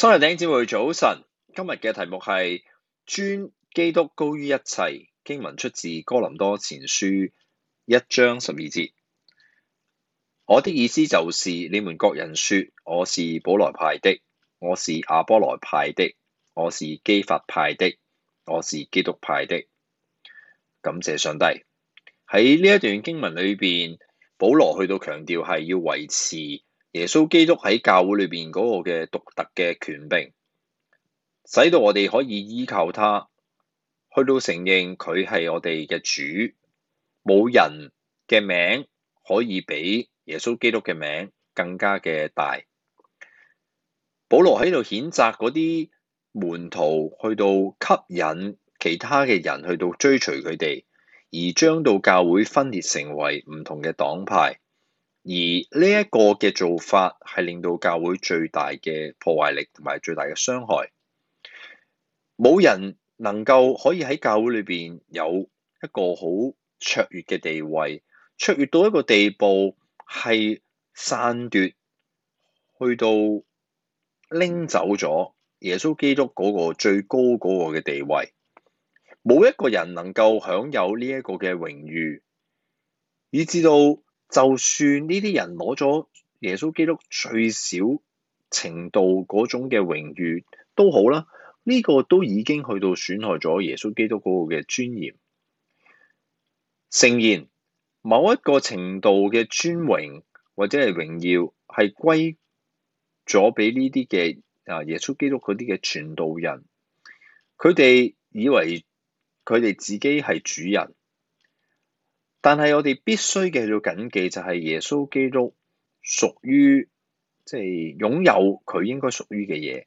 親愛的姊妹早晨，今日嘅題目係尊基督高於一切。經文出自哥林多前書一章十二節。我的意思就是，你們各人說我是保羅派的，我是阿波羅派的，我是基法派的，我是基督派的。感謝上帝。喺呢一段經文裏邊，保羅去到強調係要維持。耶穌基督喺教會裏邊嗰個嘅獨特嘅權柄，使到我哋可以依靠他，去到承認佢係我哋嘅主，冇人嘅名可以比耶穌基督嘅名更加嘅大。保羅喺度譴責嗰啲門徒去到吸引其他嘅人去到追隨佢哋，而將到教會分裂成為唔同嘅黨派。而呢一個嘅做法係令到教會最大嘅破壞力同埋最大嘅傷害，冇人能夠可以喺教會裏邊有一個好卓越嘅地位，卓越到一個地步係篡奪，去到拎走咗耶穌基督嗰個最高嗰個嘅地位，冇一個人能夠享有呢一個嘅榮譽，以至到，就算呢啲人攞咗耶穌基督最少程度嗰種嘅榮譽都好啦，呢、這個都已經去到損害咗耶穌基督嗰個嘅尊嚴。誠然，某一個程度嘅尊榮或者係榮耀係歸咗俾呢啲嘅啊耶穌基督嗰啲嘅傳道人，佢哋以為佢哋自己係主人。但係我哋必須嘅要謹記就，就係耶穌基督屬於即係擁有佢應該屬於嘅嘢，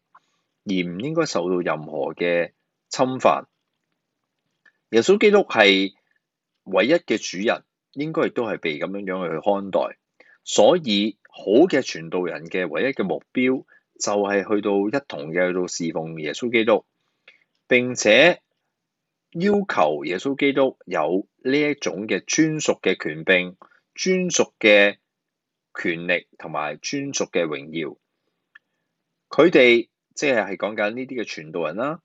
而唔應該受到任何嘅侵犯。耶穌基督係唯一嘅主人，應該亦都係被咁樣樣去看待。所以好嘅傳道人嘅唯一嘅目標，就係去到一同嘅去到侍奉耶穌基督，並且。要求耶穌基督有呢一種嘅專屬嘅權柄、專屬嘅權力同埋專屬嘅榮耀。佢哋即係係講緊呢啲嘅傳道人啦，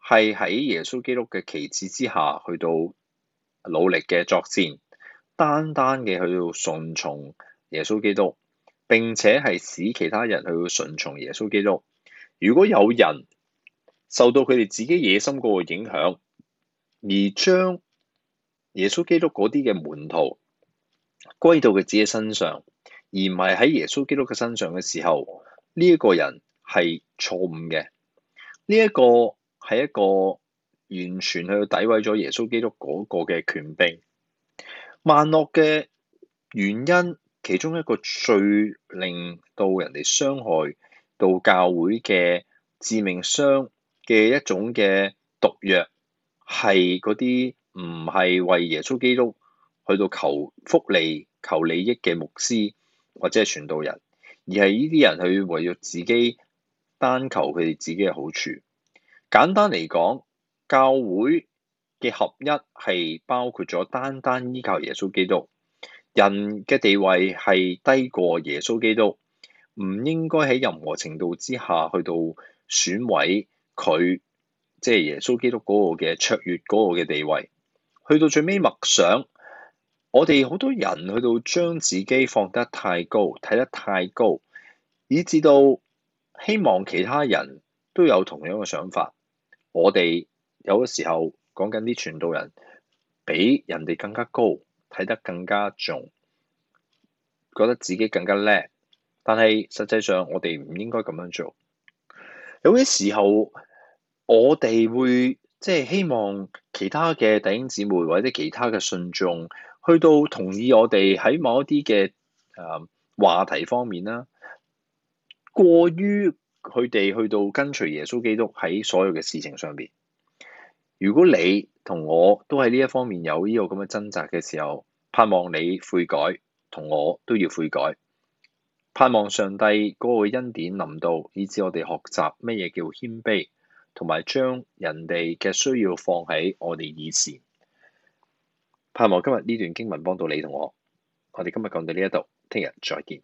係喺耶穌基督嘅旗幟之下去到努力嘅作戰，單單嘅去到順從耶穌基督，並且係使其他人去到順從耶穌基督。如果有人受到佢哋自己野心嗰個影響，而將耶穌基督嗰啲嘅門徒歸到佢自己身上，而唔係喺耶穌基督嘅身上嘅時候，呢、這、一個人係錯誤嘅。呢、這、一個係一個完全去到詆毀咗耶穌基督嗰個嘅權柄。萬惡嘅原因，其中一個最令到人哋傷害到教會嘅致命傷嘅一種嘅毒藥。係嗰啲唔係為耶穌基督去到求福利、求利益嘅牧師或者係傳道人，而係呢啲人去為咗自己單求佢哋自己嘅好處。簡單嚟講，教會嘅合一係包括咗單單依靠耶穌基督，人嘅地位係低過耶穌基督，唔應該喺任何程度之下去到損毀佢。即係耶穌基督嗰個嘅卓越嗰個嘅地位，去到最尾默想，我哋好多人去到將自己放得太高，睇得太高，以至到希望其他人都有同樣嘅想法。我哋有嘅時候講緊啲傳道人比人哋更加高，睇得更加重，覺得自己更加叻，但係實際上我哋唔應該咁樣做。有啲時候。我哋會即係希望其他嘅弟兄姊妹或者其他嘅信眾去到同意我哋喺某一啲嘅誒話題方面啦，過於佢哋去到跟隨耶穌基督喺所有嘅事情上邊。如果你同我都喺呢一方面有呢個咁嘅掙扎嘅時候，盼望你悔改，同我都要悔改。盼望上帝嗰個恩典臨到，以至我哋學習乜嘢叫謙卑。同埋將人哋嘅需要放喺我哋以前。盼望今日呢段經文幫到你同我。我哋今日講到呢一度，聽日再見。